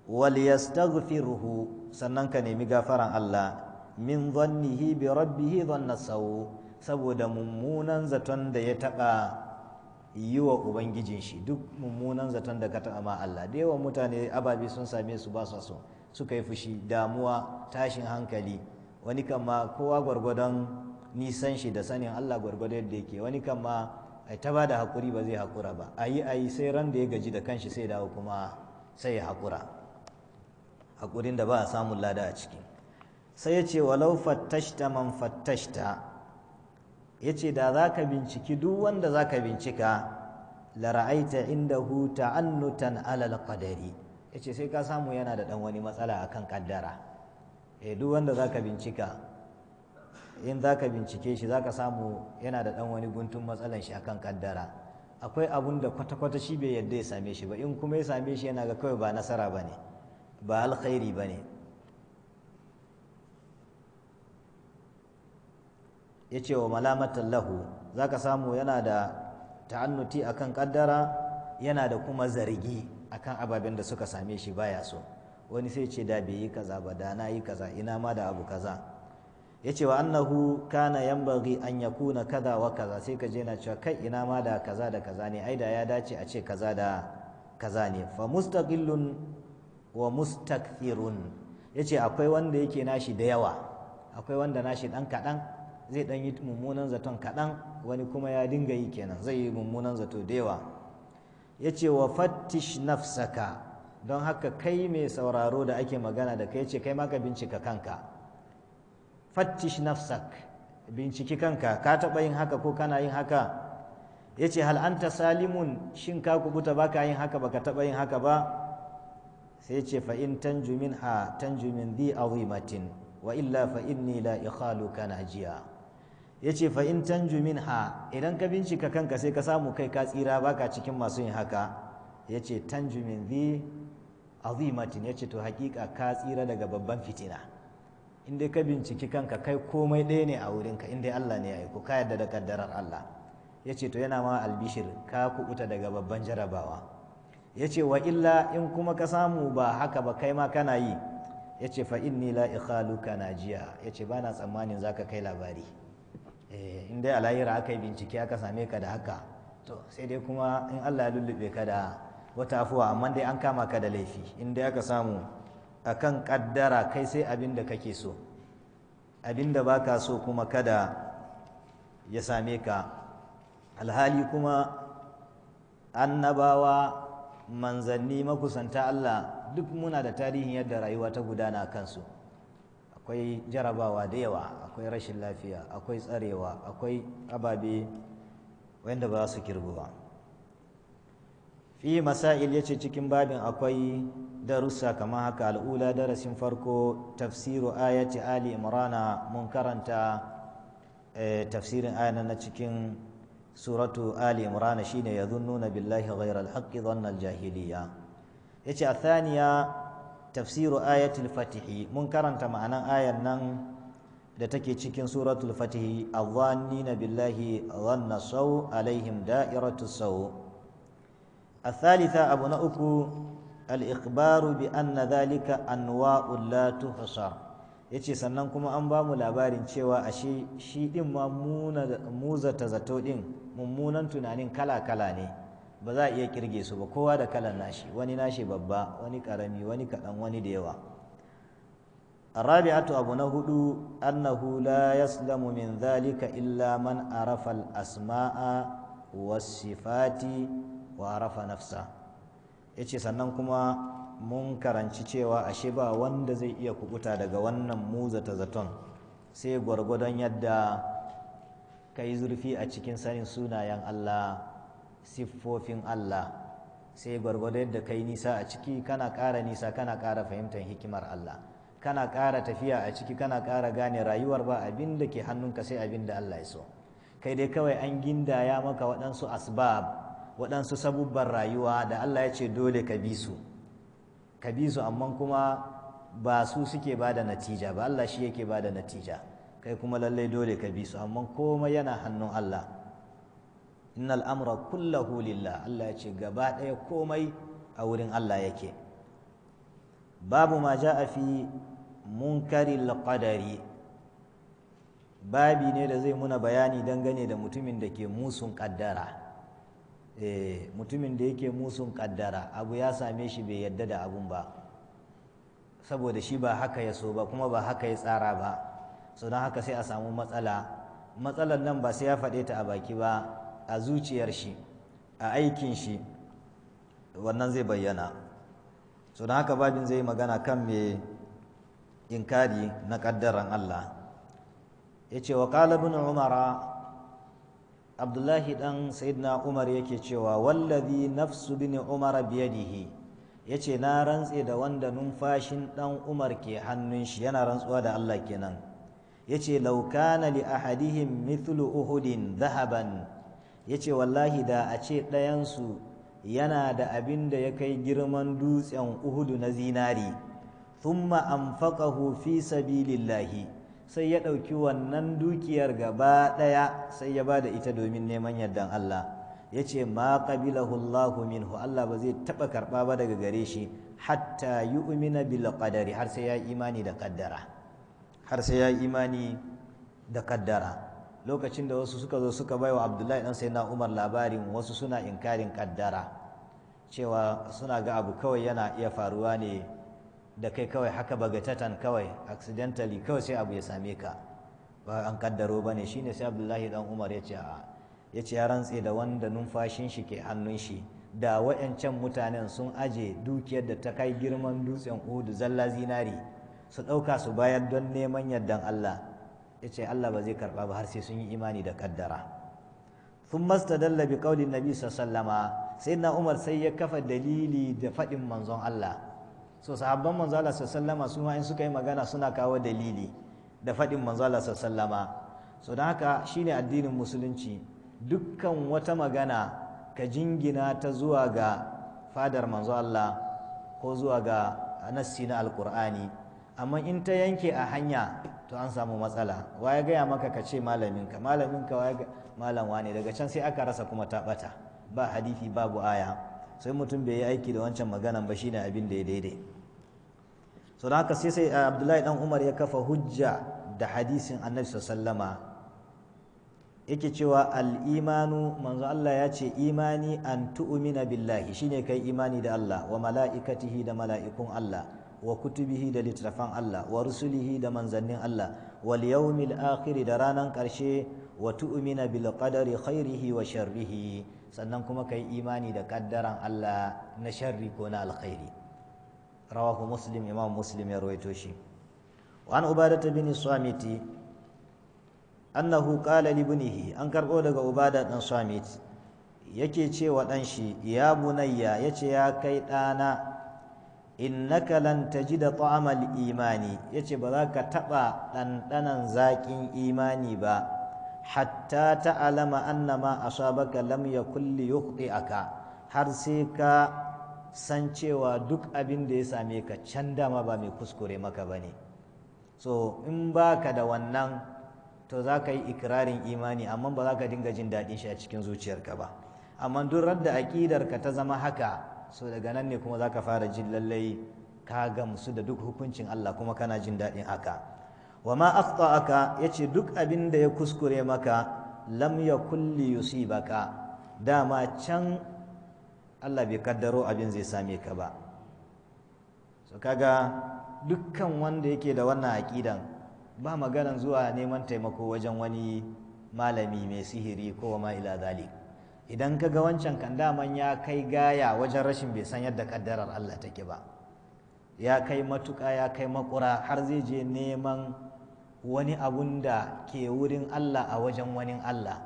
wal yastaghfiruhu sannan ka nemi gafaran Allah min dhannihi bi rabbihi dhanna sawu saboda mummunan zaton da ya taba yi wa ubangijin shi duk mummunan zaton da ka taba ma Allah da yawan mutane ababi sun same su ba su so suka yi fushi damuwa tashin hankali wani kama kowa gwargwadon nisan shi da sanin Allah gwargwadon yadda yake wani kama a ta ba da haƙuri ba zai haƙura ba a yi a sai ran da ya gaji da kanshi sai dawo kuma sai ya haƙura haƙurin da ba a samun lada a ciki sai ya ce walau fattashta man fattashta ya ce da za ka binciki duk wanda za ka bincika lara'aita indahu ta'annutan alal qadari ya ce sai ka samu yana da ɗan wani matsala akan ƙaddara e duk wanda ka bincika in zaka bincike shi ka samu yana da ɗan wani guntun matsalan shi akan kaddara akwai abun da kwata-kwata shi bai yadda ya same shi ba in kuma ya same shi yana ga kawai ba nasara ba ne ba alkhairi ba ne ya ce wa malamatan lahu za ka samu yana da ta'annuti akan kaddara yana da kuma zargi akan ababen da suka same shi baya so wani sai ce da bai yi kaza ba da na yi kaza ina ma da abu kaza ya ce wa annahu kana bari an ya kuna kaza wa kaza sai ka je na cewa kai ina ma da kaza da kaza ne ai da ya dace a ce kaza da kaza ne fa mustaqillun wa mustakthirun ce akwai wanda yake nashi da yawa akwai wanda nashi dan kadan zai dan yi mummunan zaton kadan wani kuma ya dinga yi kenan zai yi mummunan zato da yawa Ya ce wa fattish nafsaka don haka kai mai sauraro da ake magana da kai ce kai ma ka bincika kanka fattish nafsak binciki kanka ka taɓa yin haka ko kana yin haka ya ce hal'anta salimun shin ka kubuta ba ka yin haka ba ka taɓa yin haka ba sai ce fa'in tanjumin ha tanjumin bi azimatin wa illa fa'in ni la ikhalu kana jiya ya ce fa'in tanjumin ha idan ka bincika kanka sai ka samu kai ka tsira ba ka cikin masu yin haka ya ce tanjumin bi azimatin ya ce to hakika ka tsira daga babban fitina in ka binciki kanka kai komai ɗaya ne a wurinka in dai Allah ne ya aiko ka yadda da kaddarar Allah ya ce to yana ma albishir ka kuɓuta daga babban jarabawa ya ce wa illa in kuma ka samu ba haka ba kai ma kana yi ya ce fa inni la ikhaluka najiya ya ce ba tsammanin za ka kai labari eh, in dai a aka yi bincike aka same ka da haka to sai dai kuma in Allah ya lullube ka da wata afuwa amma dai an kama ka da laifi Inda ya aka samu akan kaddara kai sai abin da kake so abin da baka so kuma kada ya same ka alhali kuma annabawa manzanni makusanta Allah duk muna da tarihin yadda rayuwa ta gudana kansu akwai jarabawa da yawa akwai rashin lafiya akwai tsarewa akwai ababe wanda ba su kirbu ba fi masail yace cikin babin akwai darussa kamar haka al'ula darasin farko tafsiru ayati ali imrana mun karanta eh, tafsirin ayan na cikin suratu ali imrana shine yadhunnuna billahi ghayra al-haqqi dhanna al-jahiliya yace a thaniya tafsiru ayatul fatihi mun karanta ma'anan ayan nan da take cikin suratul fatihi adhannina billahi dhanna saw alaihim da'iratu saw الثالثة أبو نأكو الإخبار بأن ذلك أنواع لا تحصى yace sannan kuma an bamu labarin cewa ashe shi din ma muzata zato din mummunan tunanin kala-kala ne ba za a iya kirge su ba kowa da kalan nashi wani nashi babba wani karami wani kaɗan wani da yawa rabi'atu الرابعة أبو نهد أنه لا يسلم من ذلك إلا من asma'a الأسماء والصفات wa rafa nafsa yace sannan kuma mun karanci cewa ashe ba wanda zai iya kubuta daga wannan muzata zaton sai gwargwadon yadda ka yi zurfi a cikin sanin sunayen Allah siffofin Allah sai gwargwadon yadda ka yi nisa a ciki kana ƙara nisa kana kara fahimtar hikimar Allah kana ƙara tafiya a ciki kana ƙara gane rayuwar ba abin da ke hannunka sai abin da Allah ya so kai dai kawai an gindaya maka waɗansu asbab waɗansu sabubban rayuwa da Allah ya ce dole ka bi su ka bi su amma kuma ba su suke ba da natija ba Allah shi yake ba da natija kai kuma lallai dole ka bi su amma komai yana hannun Allah Inna al’amura kullahu lillah Allah ya ce gaba ɗaya komai a wurin Allah yake babu ma a fi kari laƙadari babi ne da zai muna bayani dangane da mutumin da ke musun ƙaddara Eh, mutumin da yake musun kaddara abu ya same shi bai yadda da abun ba saboda shi ba haka ya so ba kuma ba haka ya tsara ba so don haka sai a samu matsala matsalar nan ba sai ya faɗe ta a baki ba a zuciyar shi a aikin shi wannan zai bayyana so don haka babin zai magana kan mai inkari na kaddaran Allah ya ce wa kalabin umara abdullahi dan sayyidina umar yake cewa wallazi nafsu bin umar biyadihi yace na rantse da wanda numfashin dan umar ke hannun shi yana rantsuwa da Allah kenan yace law kana li ahadihim mithlu uhudin dhahaban yace wallahi da a ce ɗayan su yana da abin da ya kai girman dutsen uhudu na zinari thumma anfaqahu fi sabilillahi sai ya ɗauki wannan dukiyar gaba ɗaya sai ya ba da ita domin neman yardan Allah ya ce ma ƙabilahu Allahu minhu Allah ba zai taɓa karɓa ba daga gare shi hatta yi umina bil qadari har sai ya imani da kaddara har sai ya imani da kaddara lokacin da wasu suka zo suka bai wa Abdullahi dan sai na Umar labarin wasu suna inkarin kaddara cewa suna ga abu kawai yana iya faruwa ne da kai kawai haka bagatatan kawai accidentally kawai sai abu ya same ka ba an kaddaro ba ne shine sai abdullahi dan umar ya ce a ya ce ya rantse da wanda numfashin shi ke hannun shi da wayancan mutanen sun aje dukiyar da ta kai girman dutsen uhudu zalla zinari su ɗauka su bayar don neman yardan allah ya ce allah ba zai karɓa ba har sai sun yi imani da kaddara sun mastadalla bi kaulin nabi sallama sai na umar sai ya kafa dalili da faɗin manzon allah so sahabban manzala sallama su ma in suka yi magana suna kawo dalili da faɗin manzala sallama so don haka shine addinin musulunci dukkan wata magana ka jingina ta zuwa ga fadar manzo Allah ko zuwa ga nassi na alkur'ani amma in ta yanke a hanya to an samu matsala wa ya gaya maka ka ce malaminka malaminka wa ya malam wane daga can sai aka rasa kuma ta bata ba hadithi babu aya sai mutum bai yi aiki da wancan maganan ba shine abin da ya daidai so da haka sai sai eh, abdullahi dan umar ya kafa hujja da hadisin annabi sallama yake cewa al-imanu manzo Allah ya ce imani an tu'mina billahi shine kai imani da Allah wa mala'ikatihi da mala'ikun Allah wa kutubihi da littafan Allah wa rusulihi da manzannin Allah wal yawmil akhir da ranar karshe wa tu'mina bil qadari khairihi wa sharrihi sannan kuma kai imani da kaddaran Allah na sharri ko na alkhairi rawahu muslim imam muslim ya rawaito shi wa an ubadah bin annahu kalali binihi an karɓo daga ubada dan samit yake cewa ɗan shi ya bunayya yace ya kai ɗana. innaka lan da ta'amal imani yace ba za ka taba ɗanɗanan zaƙin imani ba hatta ta ta'alama annama asabaka lam yakul ka har sai ka san cewa duk abin da ya same ka can dama ba mai kuskure maka ba ne. so in ba ka da wannan to za ka yi ikirarin imani amma ba za ka dinga jin daɗin shi a cikin zuciyarka ba amma duk radda aƙidarka ta zama haka so daga nan ne kuma za ka fara jin lallai ka gamsu da duk hukuncin Allah kuma kana jin daɗin haka wa ma aka ya ce duk abin da ya kuskure maka lam yakul li yusibaka dama can Allah bai kaddaro abin zai same ka ba so kaga dukkan wanda yake da wannan aƙidan ba maganan zuwa neman taimako wajen wani malami mai sihiri ko ma ila zalik idan ka ga wancan kan daman ya kai gaya wajen rashin bai san yadda kaddarar Allah take ba ya kai matuƙa ya kai makura har zai je neman wani abun da ke wurin Allah a wajen wani Allah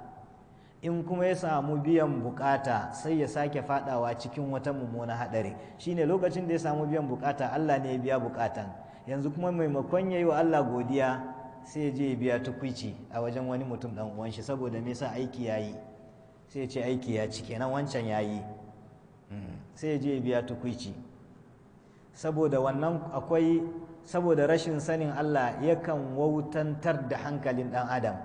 in kuma ya samu biyan bukata sai ya sake fadawa cikin wata mummuna hadari ne lokacin da ya samu biyan bukata Allah ne ya biya bukatan yanzu kuma maimakon ya yi wa Allah godiya sai ya je biya tukwici a wajen wani mutum dan uwan shi saboda me yasa aiki yayi sai ce aiki ya ci kenan wancan ya yi hmm. sai je biya tukwici saboda wannan akwai saboda rashin sanin Allah yakan wautantar da hankalin ɗan adam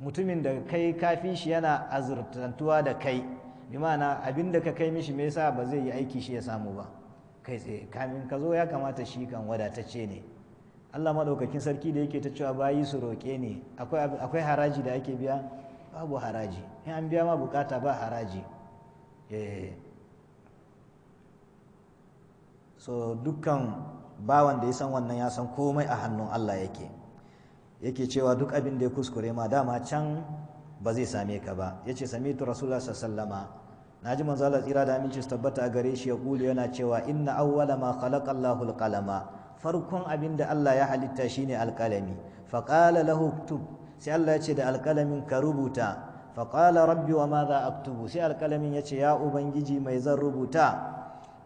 mutumin da kai kafi shi yana azurtantuwa da kai bimana abin da ka kai mishi me yasa ba zai yi aiki shi ya samu ba kai tsaye kamin ka zo ya kamata shi kan wadatacce ne Allah maɗaukakin sarki da yake ta cewa bayi su roƙe ne akwai haraji da ake biya babu haraji in an biya ma bukata ba haraji eh. so dukkan bawan da ya san wannan ya san komai a hannun Allah yake yake cewa duk abin da ya kuskure ma dama can ba zai same ka ba Ya ce sami samitu rasulullah sallama. na ji manzala tsira da aminci su tabbata a gare shi ya kulu yana cewa inna awwala ma khalaqa Allahu alqalama farkon abin da Allah ya halitta shine ne alkalami qala lahu sai Allah ya ce da alƙalamin ka rubuta faƙala rabbi wa ma za aktubu sai alƙalamin ya ce ya ubangiji mai zan rubuta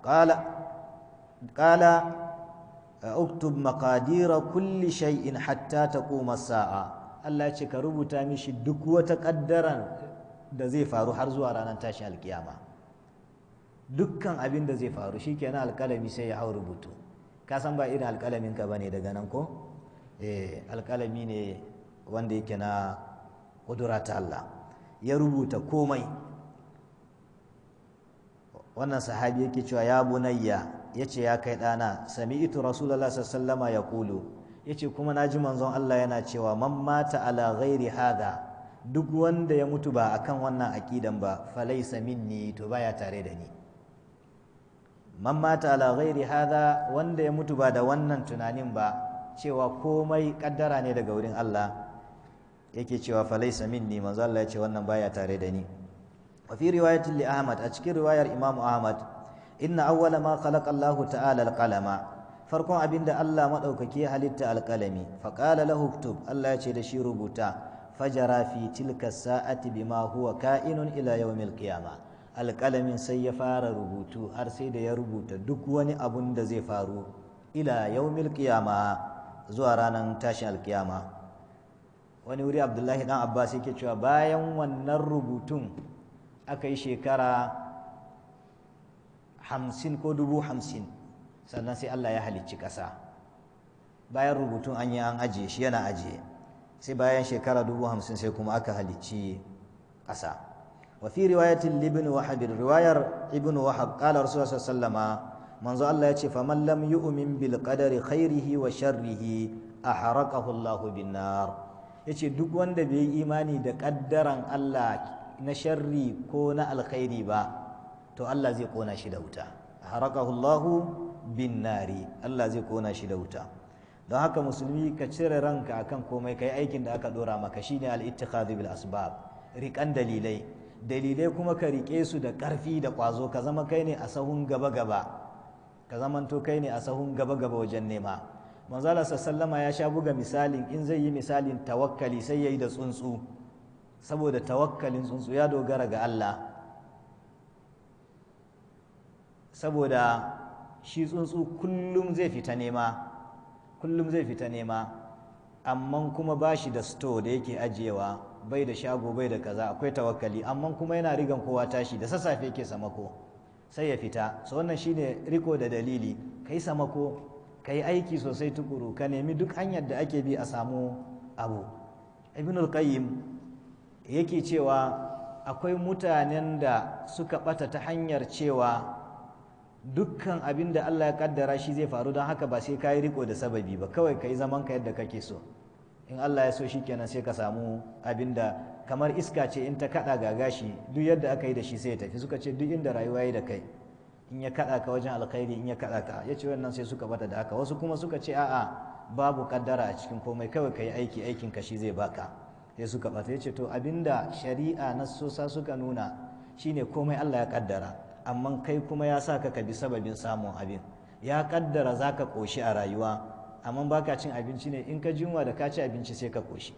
ƙala uktub maƙadira kulli shay'in hatta ta koma sa'a Allah ya ce ka rubuta mishi duk wata ƙaddaran da zai faru har zuwa ranar tashin alkiyama dukkan abin da zai faru shi kenan alƙalami sai ya hau rubutu ka san ba irin alƙalamin ka bane daga nan ko eh alƙalami ne wanda yake na ƙudura ta Allah ya rubuta komai wannan sahabi yake cewa ya bunayya ya ce ya kai ɗana sami ito rasulallah ya kulu ya ce kuma na ji manzon Allah yana cewa man mata ala ghairi hada duk wanda ya mutu ba akan wannan aƙidan ba samin minni to baya tare da ni man mata ala ghairi hada wanda ya mutu ba da wannan tunanin ba cewa komai kaddara ne daga wurin Allah yake cewa falaisa minni manzo Allah ya ce wannan baya tare da ni wa fi riwayatin li Ahmad a cikin riwayar Imam Ahmad inna awwala ma khalaqa Allah ta'ala al-qalama farkon abinda Allah madaukake halitta al-qalami fa qala lahu Allah ya ce da shi rubuta fajara fi tilka sa'ati bima huwa ka'inun ila yawmil qiyamah alƙalamin sai ya fara rubutu har sai da ya rubuta duk wani abun da zai faru ila yaumil qiyama zuwa ranar tashin alkiyama wani wuri abdullahi dan abbas yake cewa bayan wannan rubutun aka yi shekara hamsin ko dubu hamsin sannan sai allah ya halicci ƙasa bayan rubutun an yi an ajiye shi yana ajiye sai bayan shekara dubu hamsin sai kuma aka halicci ƙasa wa riwayatin libin wahabir ibn wahab qala sallama manzo allah ya ce faman lam yu'min bil qadari khairihi wa sharrihi aharaqahu allah bin nar Ya ce duk wanda bai yi imani da kaddaran Allah na sharri ko na alkhairi ba to Allah zai kona shi da wuta harakahu Allah bin nari Allah zai kona shi da wuta don haka musulmi ka cire ranka akan komai kai aikin da aka dora maka shine al bil asbab rikan dalilai dalilai kuma ka rike su da karfi da ƙwazo. ka zama kai ne a sahun gaba gaba ka zamanto kai ne a sahun gaba gaba wajen nema manzala sallama ya sha buga misalin in zai yi misalin tawakkali sai ya yi da tsuntsu saboda tawakkalin tsuntsu ya dogara ga Allah saboda shi tsuntsu kullum zai fita nema kullum zai fita nema amma kuma ba shi da sto da yake ajiyewa bai da shago bai da kaza akwai tawakkali amma kuma yana rigan kowa tashi da sassafe yake samako sai ya fita so wannan shine riko da dalili kai samako ka yi aiki sosai tukuru ka nemi duk hanyar da ake bi a samu abu ibn al-qayyim yake cewa akwai mutanen da suka bata ta hanyar cewa dukkan abin da Allah ya kaddara shi zai faru don haka ba sai ka yi riko da sababi ba kawai ka yi zaman ka yadda kake so in Allah ya so shi kenan sai ka samu abin da kamar iska ce in ta kaɗa ga gashi, duk yadda aka yi da shi sai ya tafi suka ce duk inda rayuwa yi da kai in ya kaɗa ka wajen alkhairi in ya kaɗa ka ya ce wannan sai suka bata da haka wasu kuma suka ce a'a babu kaddara a cikin komai kawai ka yi aiki aikin ka shi zai baka sai suka bata ya ce to abinda shari'a na sosa suka nuna shine komai Allah ya kaddara amma kai kuma ya sa ka bi sababin samun abin ya kaddara za ka koshi a rayuwa amma baka cin abinci ne in ka jinwa da ka ci abinci sai ka ƙoshi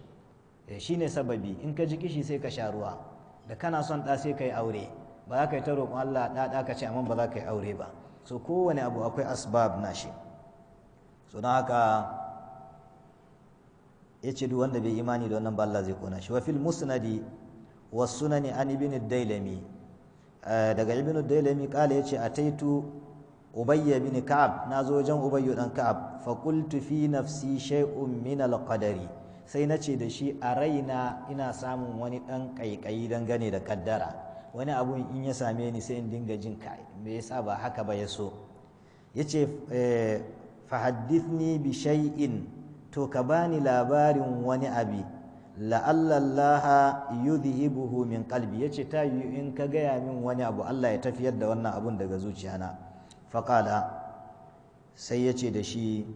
eh, shine sababi in ka ji kishi sai ka sha ruwa da kana son ɗa sai ka yi aure ba za ka yi ta roƙon Allah ɗaɗa ka ce amma ba za ka yi aure ba so kowane abu akwai asbab na shi so don haka ya ce duk wanda bai imani da wannan ba Allah zai kona shi wa fil musnadi wa sunani an ibn dailami eh, daga ibn dailami kala yace ataitu ubayy ibn ka'ab nazo wajen ubayy dan ka'ab fa qultu fi nafsi shay'un min al qadari sai nace da shi a raina ina samun wani dan kaikayi dangane da kaddara wani abun in ya same ni sai in dinga jin kai me yasa ba haka ba ya so yace eh, fahaddithni bi shay'in to ka bani labarin wani abi la'allallaha yudhibuhu min qalbi yace ta yi in ka gaya min wani abu Allah ya tafiyar da wannan abun daga zuciyana faqala sai yace da shi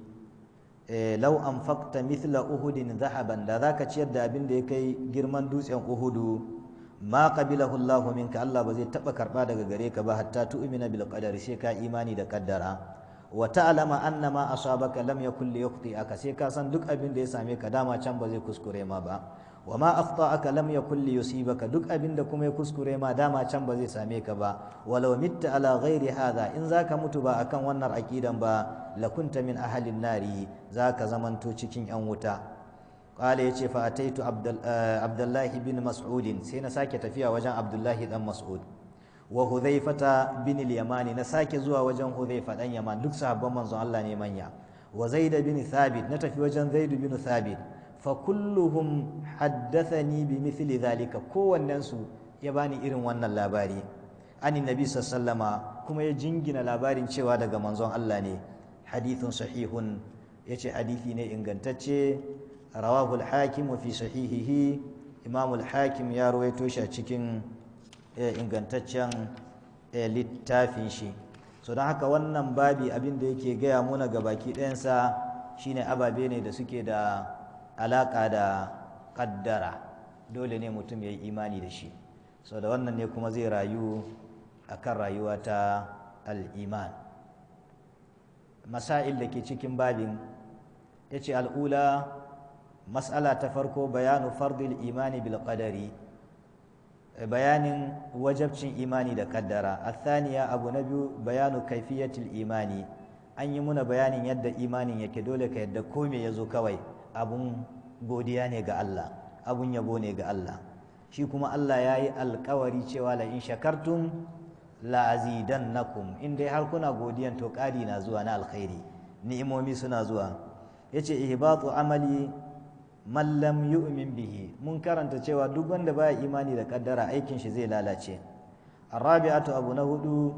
eh, law anfaqta mithla uhudin zahabanda. da zaka ciyar da abin da ya kai girman dutsen uhudu ma qabilahu Allah Allah ba zai taba karɓa daga gare ka ba hatta tu'umina bil sai ka imani da kaddara wa ta'lama anna ma asabaka lam yakul liyukhti'aka sai ka san duk abin da ya same ka dama can ba zai kuskure ma ba wa ma akhta'aka lam yakul liyusibaka duk abin da kuma ya kuskure ma dama can ba zai same ka ba walau mitta ala ghairi hadha in zaka mutu ba akan wannan aqidan ba lakunta min ahalin nari ka zamanto cikin yan wuta qala ya fa ataitu eh, abdullahi bin mas'udin sai na sake tafiya wajen abdullahi dan mas'ud wa huzaifata bin al-yamani na sake zuwa wajen huzaifa ɗan yaman duk sahabban manzon Allah ne manya wa zaid bin thabit na tafi wajen zaid bin sabid fa haddasa ni bi mithli dhalika kowannensu su ya bani irin wannan labari anin nabi sallama kuma ya jingina labarin cewa daga manzon Allah ne hadithun sahihun yace hadisi ne ingantacce rawahu al-hakim wa fi sahihihi imam al-hakim ya rawaito shi a cikin eh, ingantaccen eh, littafin shi so don haka wannan babi abin da yake gaya muna ga baki ɗayansa shine ababe ne da suke da alaƙa da ƙaddara dole ne mutum ya yi imani da shi so da wannan ne kuma zai rayu a kan rayuwa ta al'iman masa'il da ke cikin babin ya ce al'ula Matsala ta farko bayanu fardil imani bil qadari bayanin wajabcin imani da kaddara athaniya abu na biyu bayanu kaifiyatil imani an yi muna bayanin yadda imanin yake dole ka yadda kome ya zo kawai abun godiya ne ga Allah abun yabo ne ga Allah shi kuma Allah ya yi alkawari cewa la in shakartum la azidannakum in dai har kuna godiyan to ƙari na zuwa na alkhairi ni'imomi suna zuwa yace ihbatu amali mallam yu'min bihi mun karanta cewa duk wanda baya imani da kaddara aikin shi zai lalace arabi'atu abu na hudu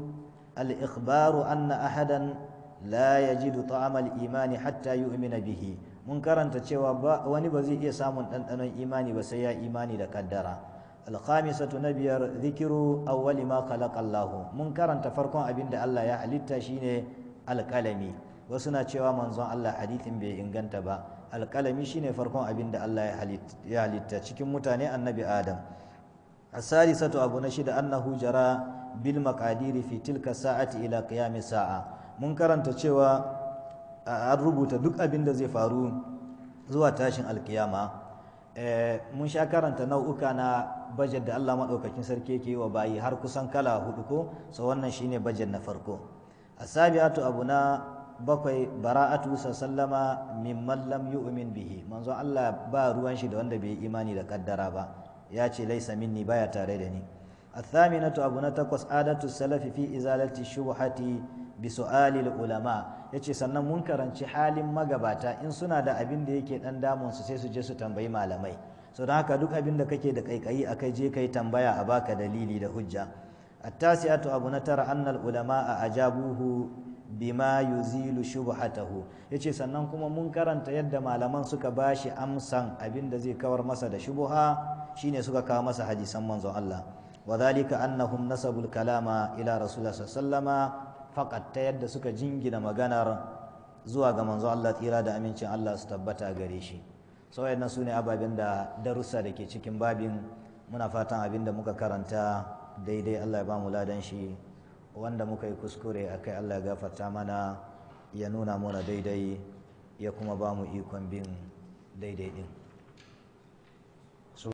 al-ikhbaru anna ahadan la yajidu ta'am al-imani hatta yu'mina bihi mun karanta cewa wani ba zai iya samun ɗanɗanon imani ba sai ya imani da kaddara alkhamisatu na biyar zikiru awwali ma khalaqa Allahu mun karanta farkon abin da Allah ya halitta shine alkalami. wasu na cewa manzon Allah hadithin bai inganta ba alƙalami shine farkon abin da Allah ya halitta cikin mutane annabi Adam asalisatu abu na shida annahu jara bil maqadiri fi tilka sa'ati ila qiyam sa'a mun karanta cewa an rubuta duk abin da zai faru zuwa tashin alkiyama eh, mun sha karanta nau'uka na bajet da Allah maɗaukakin sarki yake yi wa bayi har kusan kala hudu ko so wannan shine bajet na farko asabiatu abu na bakwai bara'atu sallama mimman lam yu'min bihi manzo Allah ba ruwan shi da wanda bai imani da kaddara ba ya ce laisa minni baya tare da ni athaminatu abu na takwas adatu salafi fi izalati shubhati bi su'alil ulama yace sannan mun karanci halin magabata in suna da abin da yake dan damun su sai su je su tambayi malamai so don haka duk abin da kake da kaikayi kai je kai tambaya a baka dalili da hujja التاسعة أبو نتر أن العلماء أجابوه bima yuzilu shubhatahu yace sannan kuma mun karanta yadda malaman suka bashi amsan abin da zai kawar masa da shubha shine suka kawo masa hadisan manzo Allah wadhalika annahum nasabul kalama ila rasulullah sallama faqat ta yadda suka jingina maganar zuwa ga manzon Allah tsira da amincin Allah su tabbata gare shi sau yadda ababen da darussa da ke cikin babin muna fatan abin da muka karanta daidai Allah ya ba mu ladan shi wanda muka yi kuskure a kai Allah ya gafarta mana ya nuna mana daidai ya kuma ba mu ikon bin daidai ɗin